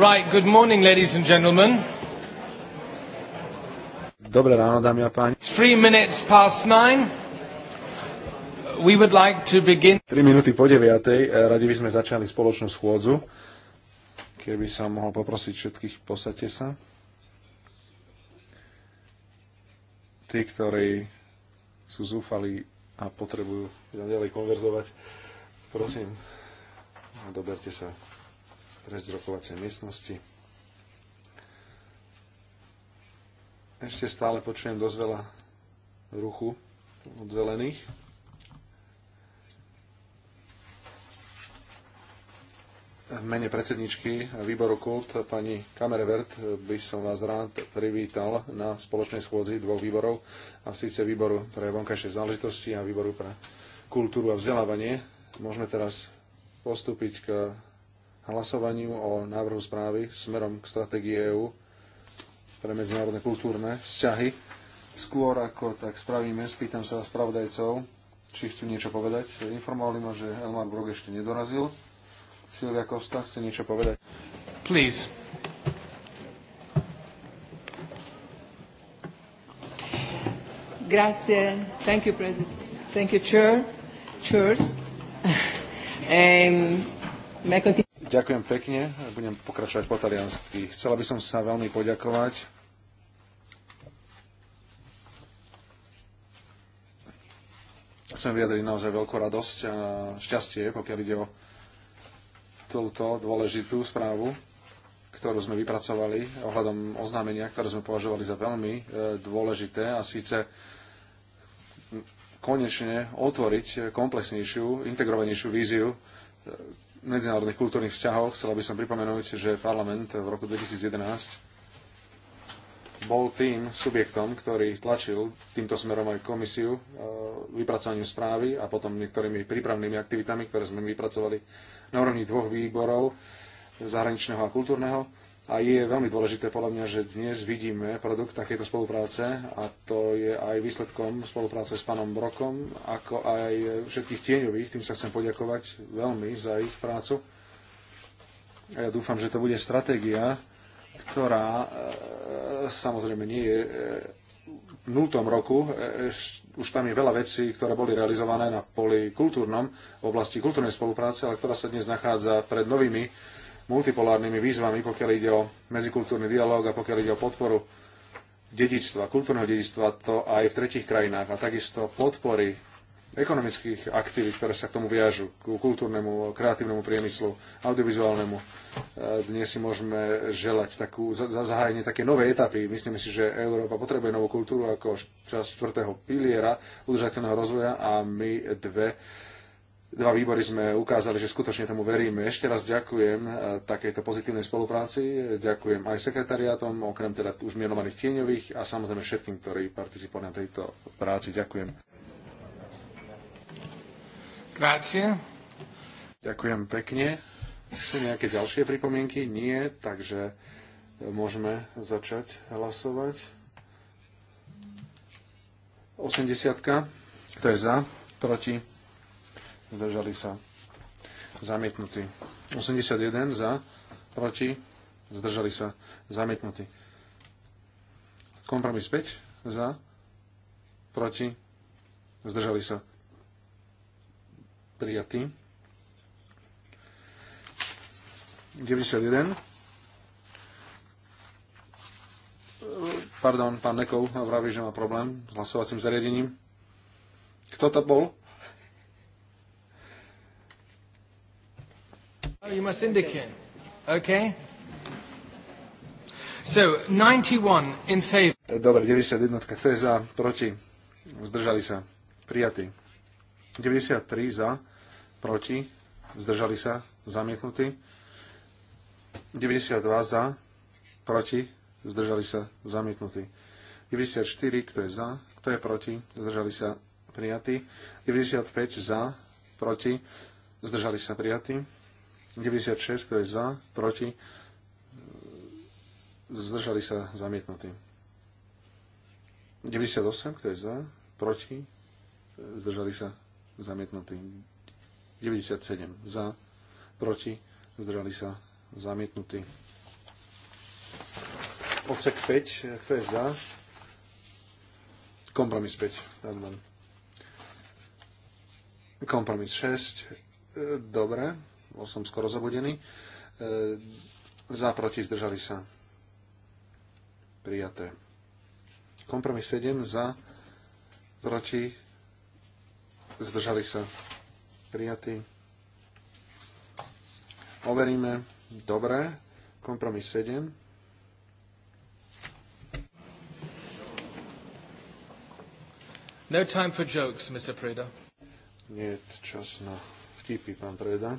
Right, good morning, ladies and gentlemen. Dobré ráno, dámy a páni. It's three minutes past nine. We would like to begin... 3 minuty po 9. Eh, radi by sme začali spoločnú schôdzu. Keby som mohol poprosiť všetkých, posadte sa. Tí, ktorí sú zúfali a potrebujú ďalej konverzovať, prosím, doberte sa preč z rokovacej miestnosti. Ešte stále počujem dosť veľa ruchu od zelených. V mene predsedničky výboru KULT pani Kamerevert by som vás rád privítal na spoločnej schôdzi dvoch výborov, a síce výboru pre vonkajšie záležitosti a výboru pre kultúru a vzdelávanie. Môžeme teraz postúpiť k hlasovaniu o návrhu správy smerom k stratégii EÚ pre medzinárodné kultúrne vzťahy. Skôr ako tak spravíme, spýtam sa spravodajcov, či chcú niečo povedať. Informovali ma, že Elmar Brog ešte nedorazil. Silvia Kosta chce niečo povedať. Please. Grazie. Thank you, President. Thank you, Chair. Cheers. um, may I continue? Ďakujem pekne, budem pokračovať po taliansky. Chcela by som sa veľmi poďakovať Chcem vyjadriť naozaj veľkú radosť a šťastie, pokiaľ ide o túto dôležitú správu, ktorú sme vypracovali ohľadom oznámenia, ktoré sme považovali za veľmi e, dôležité a síce konečne otvoriť komplexnejšiu, integrovanejšiu víziu e, medzinárodných kultúrnych vzťahov chcela by som pripomenúť, že parlament v roku 2011 bol tým subjektom, ktorý tlačil týmto smerom aj komisiu e, vypracovaním správy a potom niektorými prípravnými aktivitami, ktoré sme vypracovali na úrovni dvoch výborov, zahraničného a kultúrneho a je veľmi dôležité podľa mňa, že dnes vidíme produkt takéto spolupráce a to je aj výsledkom spolupráce s pánom Brokom, ako aj všetkých tieňových. Tým sa chcem poďakovať veľmi za ich prácu. A ja dúfam, že to bude stratégia, ktorá e, samozrejme nie je v e, nultom roku. E, už tam je veľa vecí, ktoré boli realizované na poli kultúrnom, v oblasti kultúrnej spolupráce, ale ktorá sa dnes nachádza pred novými multipolárnymi výzvami, pokiaľ ide o medzikultúrny dialog a pokiaľ ide o podporu dedičstva, kultúrneho dedičstva, to aj v tretich krajinách a takisto podpory ekonomických aktivít, ktoré sa k tomu viažu, k kultúrnemu, kreatívnemu priemyslu, audiovizuálnemu. E, dnes si môžeme želať takú, za, zahájenie také novej etapy. Myslíme si, že Európa potrebuje novú kultúru ako časť čtvrtého piliera udržateľného rozvoja a my dve dva výbory sme ukázali, že skutočne tomu veríme. Ešte raz ďakujem eh, takejto pozitívnej spolupráci, ďakujem aj sekretariátom, okrem teda už mienovaných tieňových a samozrejme všetkým, ktorí participovali na tejto práci. Ďakujem. Grácie. Ďakujem pekne. Sú nejaké ďalšie pripomienky? Nie, takže eh, môžeme začať hlasovať. 80. Kto je za? Proti? zdržali sa, zamietnutý. 81 za, proti, zdržali sa, zamietnutý. Kompromis 5 za, proti, zdržali sa, prijatý. 91. Pardon, pán Nekov vraví, že má problém s hlasovacím zariadením. Kto to bol? Oh, you must indicate. Okay. So, 91 in favor. Eh, dobre, 91, kto je za, proti, zdržali sa, prijatý. 93 za, proti, zdržali sa, zamietnutý. 92 za, proti, zdržali sa, zamietnutý. 94, kto je za, kto je proti, zdržali sa, prijatý. 95 za, proti, zdržali sa, prijatý. 96, kto je za, proti, zdržali sa zamietnutí. 98, kto je za, proti, zdržali sa zamietnutí. 97, za, proti, zdržali sa zamietnutí. Odsek 5, kto je za, kompromis 5, Adman. Kompromis 6, e, dobre, bol som skoro zabudený. E, za, proti, zdržali sa. Prijaté. Kompromis 7, za, proti, zdržali sa. Prijatý. Overíme. Dobre. Kompromis 7. No time for jokes, Mr. Preda. Nie je čas na vtipy, pán Preda.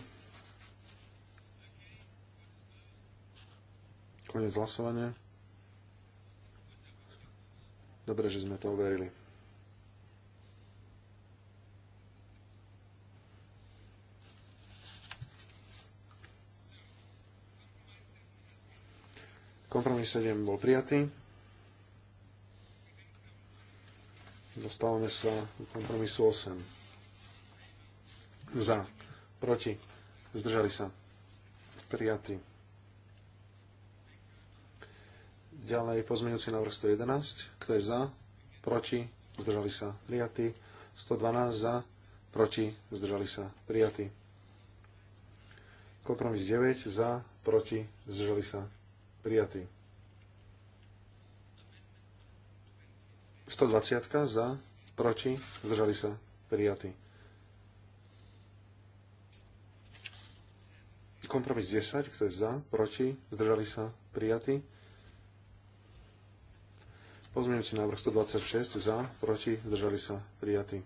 Konec hlasovania. Dobre, že sme to overili. Kompromis 7 bol prijatý. Dostávame sa do kompromisu 8. Za. Proti. Zdržali sa. Prijatý. Ďalej pozmeňujúci návrh 111. Kto je za? Proti? Zdržali sa. prijatí 112 za. Proti? Zdržali sa. prijatí. Kompromis 9 za. Proti? Zdržali sa. prijatí. 120 za. Proti? Zdržali sa. prijatí. Kompromis 10. Kto je za? Proti? Zdržali sa. Prijatí. Pozmeňujúci návrh 126 za, proti, zdržali sa, prijatý.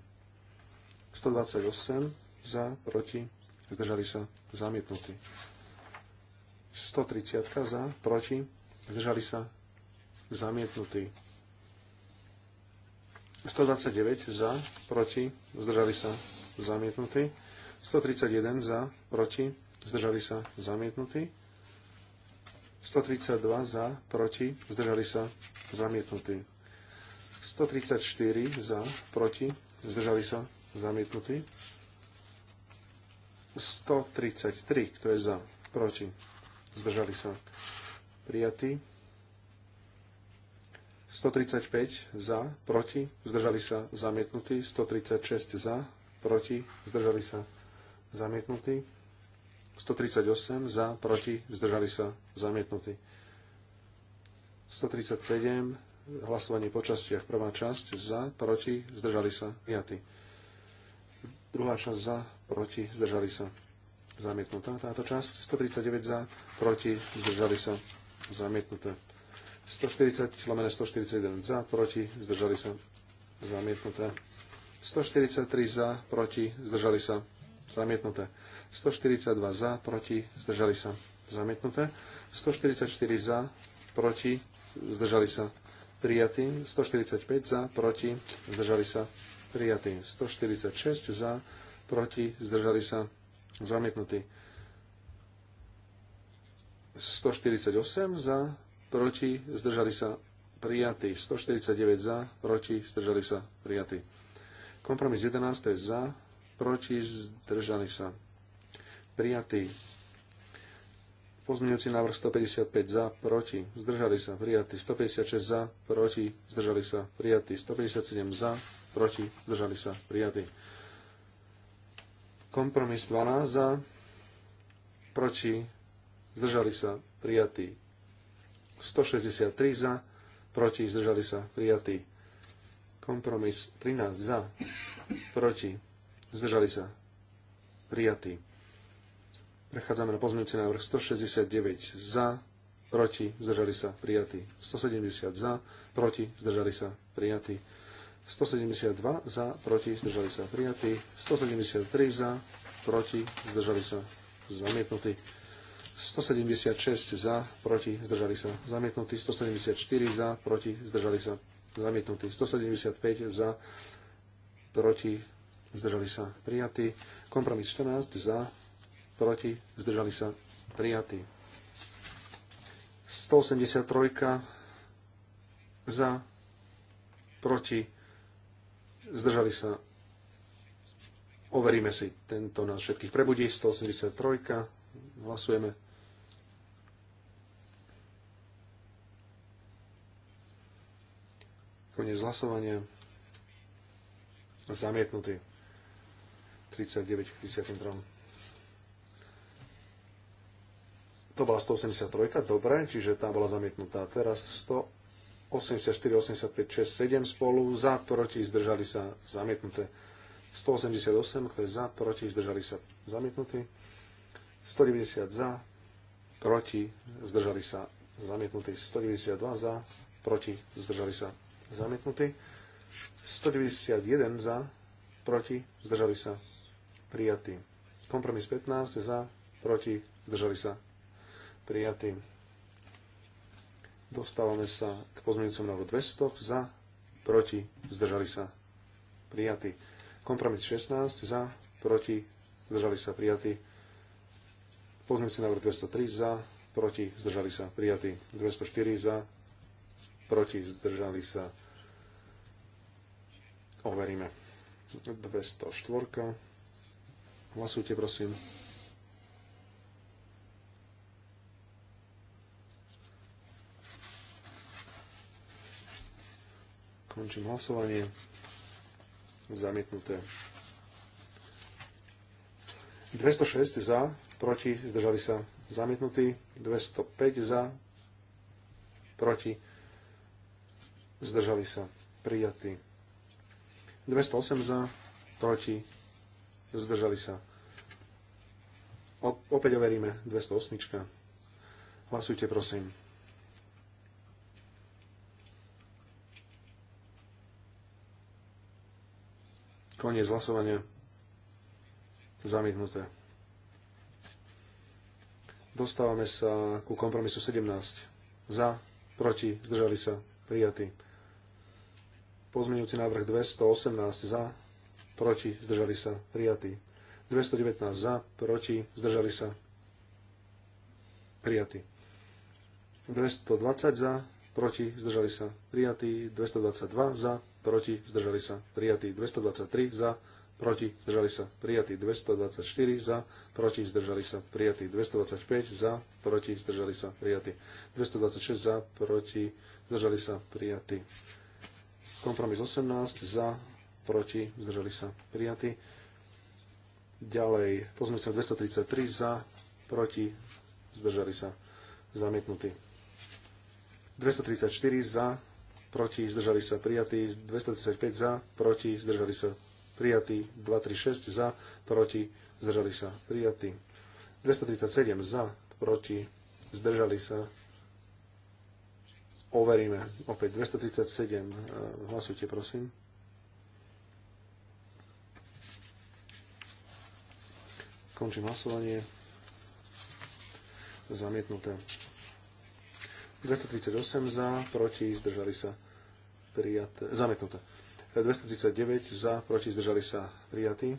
128 za, proti, zdržali sa, zamietnutý. 130 za, proti, zdržali sa, zamietnutý. 129 za, proti, zdržali sa, zamietnutý. 131 za, proti, zdržali sa, zamietnutý. 132 za, proti, zdržali sa, zamietnutí. 134 za, proti, zdržali sa, zamietnutí. 133, kto je za, proti, zdržali sa, prijatí. 135 za, proti, zdržali sa, zamietnutí. 136 za, proti, zdržali sa, zamietnutí. 138 za, proti, zdržali sa, zamietnutí. 137, hlasovanie po častiach, prvá časť, za, proti, zdržali sa, prijatí. Druhá časť za, proti, zdržali sa, zamietnutá. Táto časť, 139 za, proti, zdržali sa, zamietnuté. 140 lomene 141 za, proti, zdržali sa, zamietnuté. 143 za, proti, zdržali sa, zamietnuté. 142 za, proti, zdržali sa, zamietnuté. 144 za, proti, zdržali sa, prijatý. 145 za, proti, zdržali sa, prijatý. 146 za, proti, zdržali sa, zamietnutý. 148 za, proti, zdržali sa, prijatý. 149 za, proti, zdržali sa, prijatý. Kompromis 11, to je za, proti, zdržali sa. Prijatý. Pozmeňujúci návrh 155 za, proti, zdržali sa, prijatý. 156 za, proti, zdržali sa, prijatý. 157 za, proti, zdržali sa, prijatý. Kompromis 12 za, proti, zdržali sa, prijatý. 163 za, proti, zdržali sa, prijatý. Kompromis 13 za, proti, zdržali sa, prijatý. Prechádzame na pozmeňujúci návrh 169 za, proti, zdržali sa, prijatý. 170 za, proti, zdržali sa, prijatý. 172 za, proti, zdržali sa, prijatý. 173 za, proti, zdržali sa, zamietnutý. 176 za, proti, zdržali sa, zamietnutý. 174 za, proti, zdržali sa, zamietnutý. 175 za, proti, zdržali sa prijatí. Kompromis 14 za, proti, zdržali sa prijatí. 183 za, proti, zdržali sa. Overíme si, tento nás všetkých prebudí. 183, hlasujeme. Koniec hlasovania. Zamietnutý. 39 k 33. To bola 183, dobre, čiže tá bola zamietnutá. Teraz 184, 85, 6, 7 spolu, za, proti, zdržali sa, zamietnuté. 188, kto je za, proti, zdržali sa, zamietnutí. 190 za, proti, zdržali sa, zamietnutí. 192 za, proti, zdržali sa, zamietnutí. 191 za, proti, zdržali sa, prijatý. Kompromis 15 za, proti, zdržali sa, prijatý. Dostávame sa k pozmeňujúcom návrhu 200 za, proti, zdržali sa, prijatý. Kompromis 16 za, proti, zdržali sa, prijatý. Pozmeňujúci návrh 203 za, proti, zdržali sa, prijatý. 204 za, proti, zdržali sa, overíme. 204. Hlasujte, prosím. Končím hlasovanie. Zamietnuté. 206 za, proti, zdržali sa zamietnutí. 205 za, proti, zdržali sa prijatí. 208 za, proti, zdržali sa. O, opäť overíme 208. Hlasujte, prosím. Koniec hlasovania. Zamietnuté. Dostávame sa ku kompromisu 17. Za, proti, zdržali sa, prijatí. Pozmeňujúci návrh 218 za, proti, zdržali sa, prijatý. 219 za, proti, zdržali sa, prijatý. 220 za, proti, zdržali sa, prijatý. 222 za, proti, zdržali sa, prijatý. 223 za, proti, zdržali sa, prijatý. 224 za, proti, zdržali sa, prijatý. 225 za, proti, zdržali sa, prijatý. 226 za, proti, zdržali sa, prijatý. Kompromis 18 za, proti, zdržali sa prijatí. Ďalej, pozme sa 233 za, proti, zdržali sa zamietnutí. 234 za, proti, zdržali sa prijatí. 235 za, proti, zdržali sa prijatí. 236 za, proti, zdržali sa prijatí. 237 za, proti, zdržali sa overíme. Opäť 237. Hlasujte, prosím. Končím hlasovanie. Zamietnuté. 238 za, proti, zdržali sa. Prijaté. Zamietnuté. 239 za, proti, zdržali sa. Prijatý.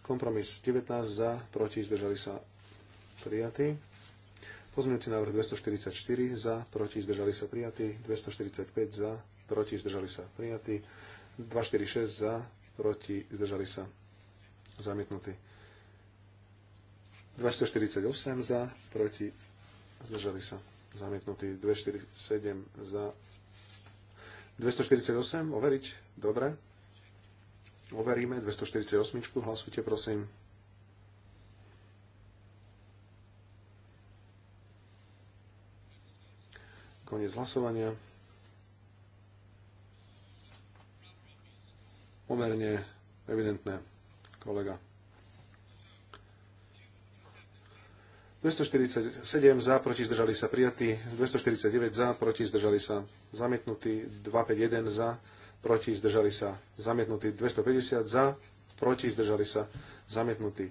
Kompromis 19 za, proti, zdržali sa. Prijatý. Pozmeňujúci návrh 244 za, proti, zdržali sa. Prijatý. 245 za, proti, zdržali sa. Prijatý. 246 za, proti, zdržali sa. Zamietnutý. 248 za, proti, zdržali sa. Zamietnutý 247 za. 248, overiť? Dobre. Overíme 248, hlasujte prosím. Koniec hlasovania. Pomerne evidentné, kolega. 247 za, proti zdržali sa prijatí, 249 za, proti zdržali sa zamietnutí, 251 za, proti zdržali sa zamietnutí, 250 za, proti zdržali sa zamietnutí,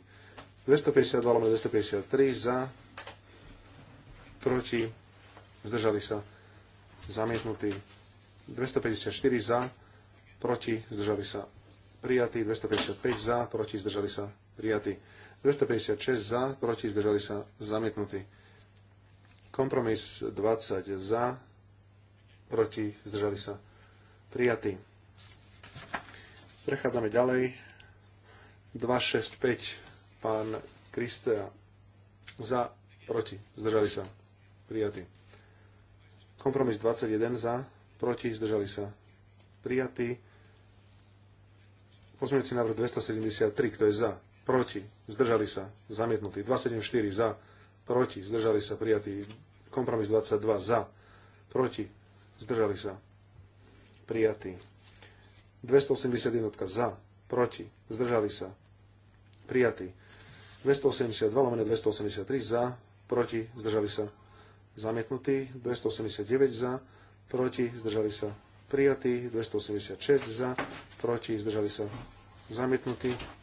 252 lomeno 253 za, proti zdržali sa zamietnutí, 254 za, proti zdržali sa prijatí, 255 za, proti zdržali sa prijatý. 256 za, proti, zdržali sa, zamietnutý. Kompromis 20 za, proti, zdržali sa, prijatý. Prechádzame ďalej. 265 pán Kristea za, proti, zdržali sa, prijatý. Kompromis 21 za, proti, zdržali sa, prijatý. Pozmeňujúci návrh 273, kto je za? proti, zdržali sa, zamietnutý. 274 za, proti, zdržali sa, prijatý. Kompromis 22 za, proti, zdržali sa, prijatý. 281 za, proti, zdržali sa, prijatý. 282 lomene 283 za, proti, zdržali sa, zamietnutý. 289 za, proti, zdržali sa, prijatý. 286 za, proti, zdržali sa, zamietnutý.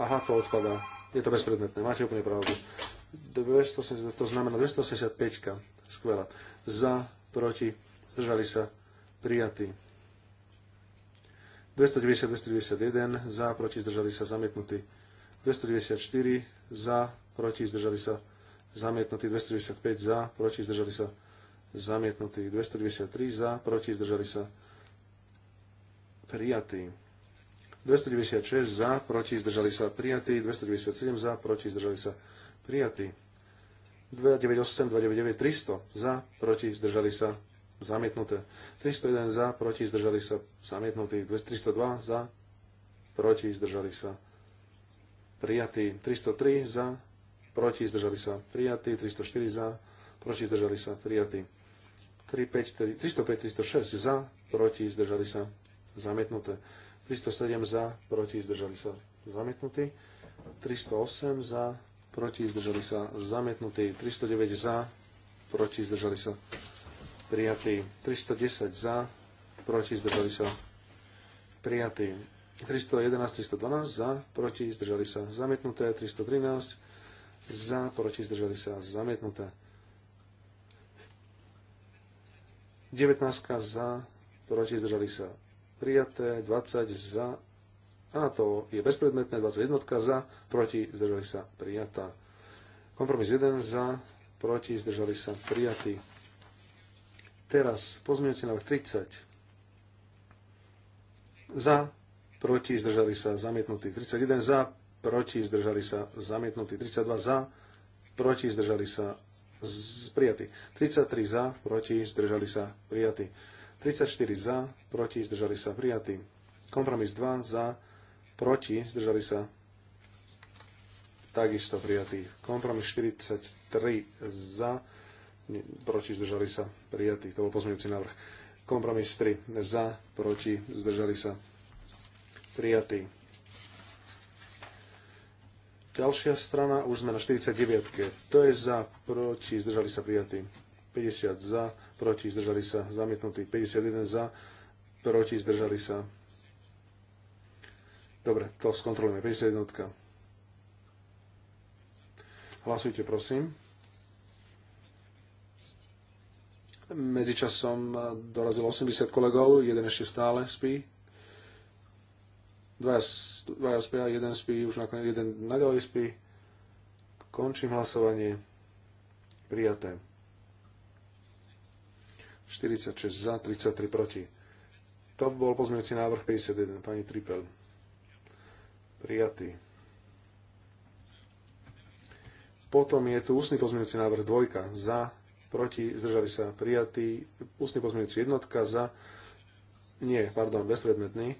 Aha, to odpadá. Je to bezpredmetné, máte úplne pravdu. 280, to znamená 285, skvelá. Za, proti, zdržali sa, prijatí. 290, 291, za, proti, zdržali sa, zamietnutí. 294, za, proti, zdržali sa, zamietnutí. 295, za, proti, zdržali sa, zamietnutí. 293, za, proti, zdržali sa, prijatí. 296 za, proti, zdržali sa prijatí, 297 za, proti, zdržali sa prijatí. 298, 299, 300 za, proti, zdržali sa zamietnuté. 301 za, proti, zdržali sa zamietnutí. 302 za, proti, zdržali sa prijatí. 303 za, proti, zdržali sa prijatí. 304 za, proti, zdržali sa prijatí. 305, 306 za, proti, zdržali sa zamietnuté. 307 za, proti, zdržali sa zamietnutí. 308 za, proti, zdržali sa zamietnutí. 309 za, proti, zdržali sa prijatí. 310 za, proti, zdržali sa prijatí. 311, 312 za, proti, zdržali sa zamietnuté. 313 za, proti, zdržali sa zamietnuté. 19 za, proti, zdržali sa prijaté, 20 za, a to je bezpredmetné, 21 za, proti, zdržali sa, prijatá. Kompromis 1 za, proti, zdržali sa, prijatý. Teraz pozmeňujúci návrh 30. Za, proti, zdržali sa, zamietnutý. 31 za, proti, zdržali sa, zamietnutý. 32 za, proti, zdržali sa, prijatý. 33 za, proti, zdržali sa, prijatý. 34 za, proti, zdržali sa prijatí. Kompromis 2 za, proti, zdržali sa takisto prijatí. Kompromis 43 za, proti, zdržali sa prijatí. To bol pozmeňujúci návrh. Kompromis 3 za, proti, zdržali sa prijatí. Ďalšia strana, už sme na 49. To je za, proti, zdržali sa prijatí. 50 za, proti, zdržali sa, zamietnutý, 51 za, proti, zdržali sa. Dobre, to skontrolujeme, 51. Hlasujte, prosím. Medzičasom dorazilo 80 kolegov, jeden ešte stále spí. Dvaja, dvaja spia, jeden spí, už nakoniec jeden naďalej spí. Končím hlasovanie. Prijaté. 46 za, 33 proti. To bol pozmeňujúci návrh 51, pani Tripel. Prijatý. Potom je tu ústny pozmeňujúci návrh 2. za, proti, zdržali sa prijatý. Ústny pozmeňujúci jednotka za, nie, pardon, bezpredmetný.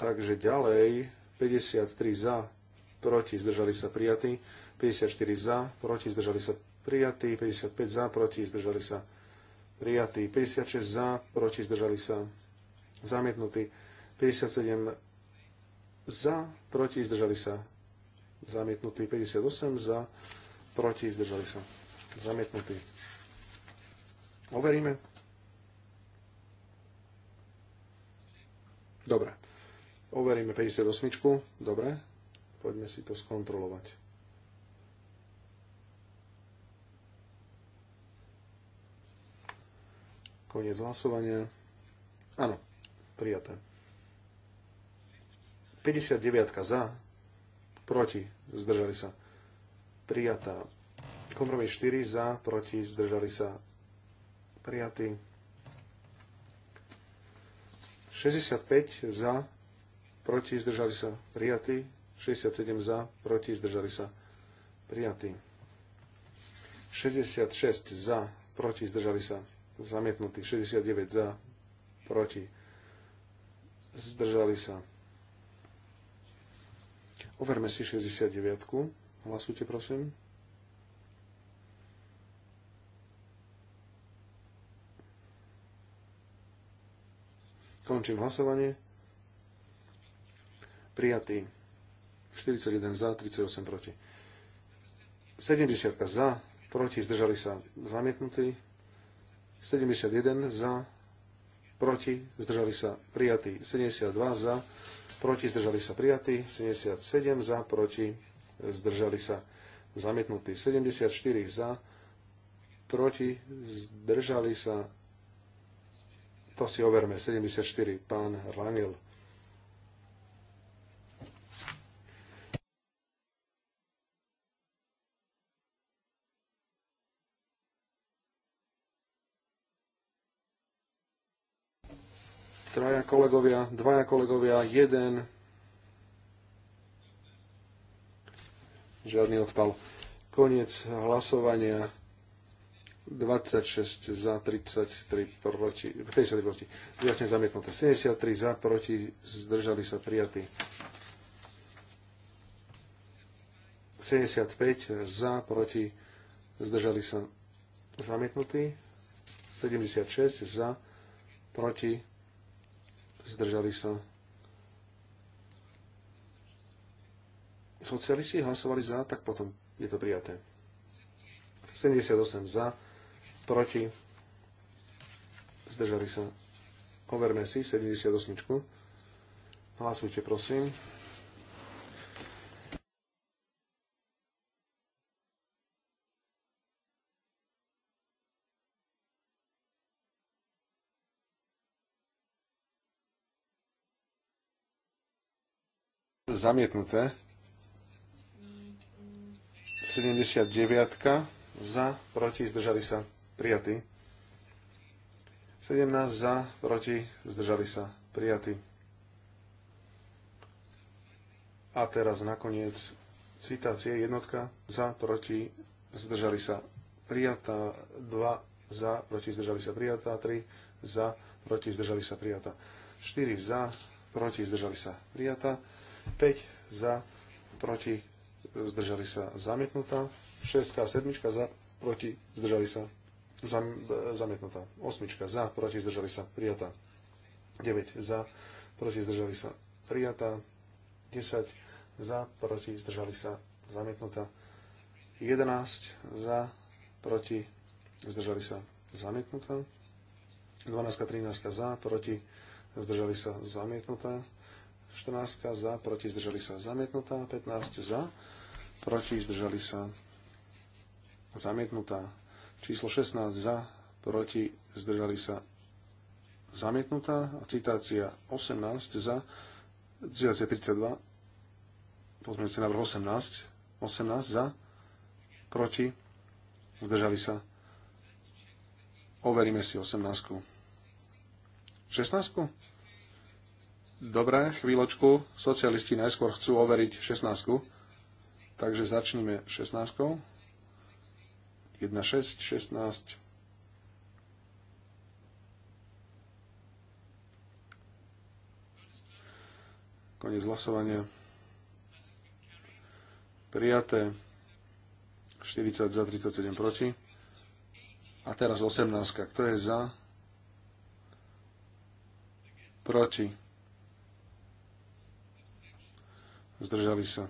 Takže ďalej 53 za, proti, zdržali sa prijatí, 54 za, proti, zdržali sa prijatý, 55 za, proti, zdržali sa, prijatý, 56 za, proti, zdržali sa, zamietnutý, 57 za, proti, zdržali sa, zamietnutý, 58 za, proti, zdržali sa, zamietnutý. Overíme. Dobre. Overíme 58. Dobre. Poďme si to skontrolovať. Koniec hlasovania. Áno, prijaté. 59 za, proti, zdržali sa. Prijatá. Kompromis 4 za, proti, zdržali sa. Prijatý. 65 za, proti, zdržali sa. Prijatý. 67 za, proti, zdržali sa. Prijatý. 66 za, proti, zdržali sa zamietnutý, 69 za, proti, zdržali sa. Overme si 69. Hlasujte, prosím. Končím hlasovanie. Prijatý. 41 za, 38 proti. 70 za, proti, zdržali sa zamietnutí. 71 za, proti, zdržali sa prijatí. 72 za, proti, zdržali sa prijatí. 77 za, proti, zdržali sa zamietnutí. 74 za, proti, zdržali sa, to si overme, 74, pán Rangel. kolegovia, dvaja kolegovia, jeden. Žiadny odpal. Koniec hlasovania. 26 za, 33 proti, 53 proti. Jasne zamietnuté. 73 za, proti, zdržali sa prijatí. 75 za, proti, zdržali sa zamietnutí. 76 za, proti, zdržali sa. Socialisti hlasovali za, tak potom je to prijaté. 78 za, proti, zdržali sa. Overme si 78. Hlasujte, prosím. Zamietnuté. 79 za, proti, zdržali sa, prijatí. 17 za, proti, zdržali sa, prijatí. A teraz nakoniec citácie jednotka za, proti, zdržali sa, prijatá. 2 za, proti, zdržali sa, prijatá. 3 za, proti, zdržali sa, prijatá. 4 za, proti, zdržali sa, prijatá. 5 za, proti, zdržali sa zamietnutá. 6 a 7 za, proti, zdržali sa zam, zamietnutá. 8 za, proti, zdržali sa prijatá. 9 za, proti, zdržali sa prijatá. 10 za, proti, zdržali sa zamietnutá. 11 za, proti, zdržali sa zamietnutá. 12 13 za, proti, zdržali sa zamietnutá. 14 za, proti zdržali sa zamietnutá, 15 za, proti zdržali sa zamietnutá, číslo 16 za, proti zdržali sa zamietnutá a citácia 18 za, citácia 32, pozmeňujúci návrh 18, 18 za, proti, zdržali sa. Overíme si 18. 16? Dobre, chvíľočku. Socialisti najskôr chcú overiť 16. Takže začníme 16. 1, 6, 16. Koniec hlasovania. Prijaté. 40 za, 37 proti. A teraz 18. Kto je za? Proti. zdržali sa.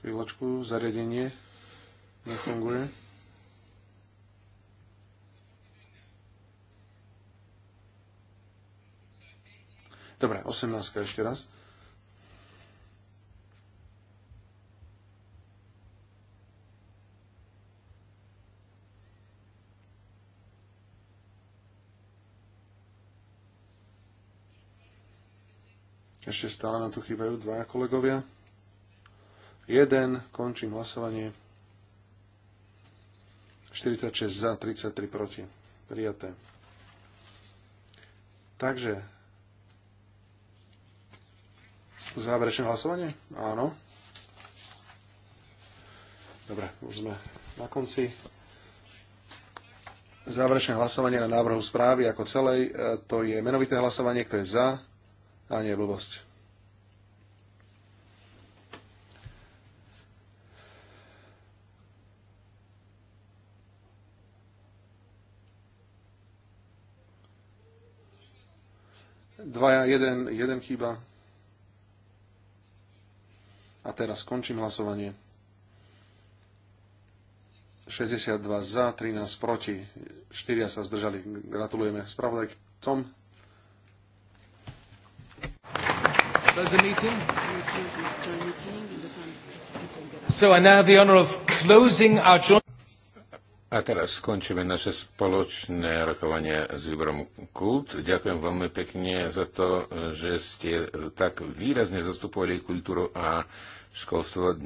Chvíľočku, zariadenie nefunguje. Dobre, 18 ešte raz. Ešte stále nám tu chýbajú dvaja kolegovia. Jeden, končím hlasovanie. 46 za, 33 proti. Prijaté. Takže záverečné hlasovanie? Áno. Dobre, už sme na konci. Záverečné hlasovanie na návrhu správy ako celej, e, to je menovité hlasovanie, kto je za, a nie blbosť. Dvaja, jeden, jeden chýba. A teraz skončím hlasovanie. 62 za, 13 proti, 4 sa zdržali. Gratulujeme spravodaj Tom. So I now have the honor of closing our joint a teraz skončíme naše spoločné rokovanie s výborom Kult. Ďakujem veľmi pekne za to, že ste tak výrazne zastupovali kultúru a školstvo dnes.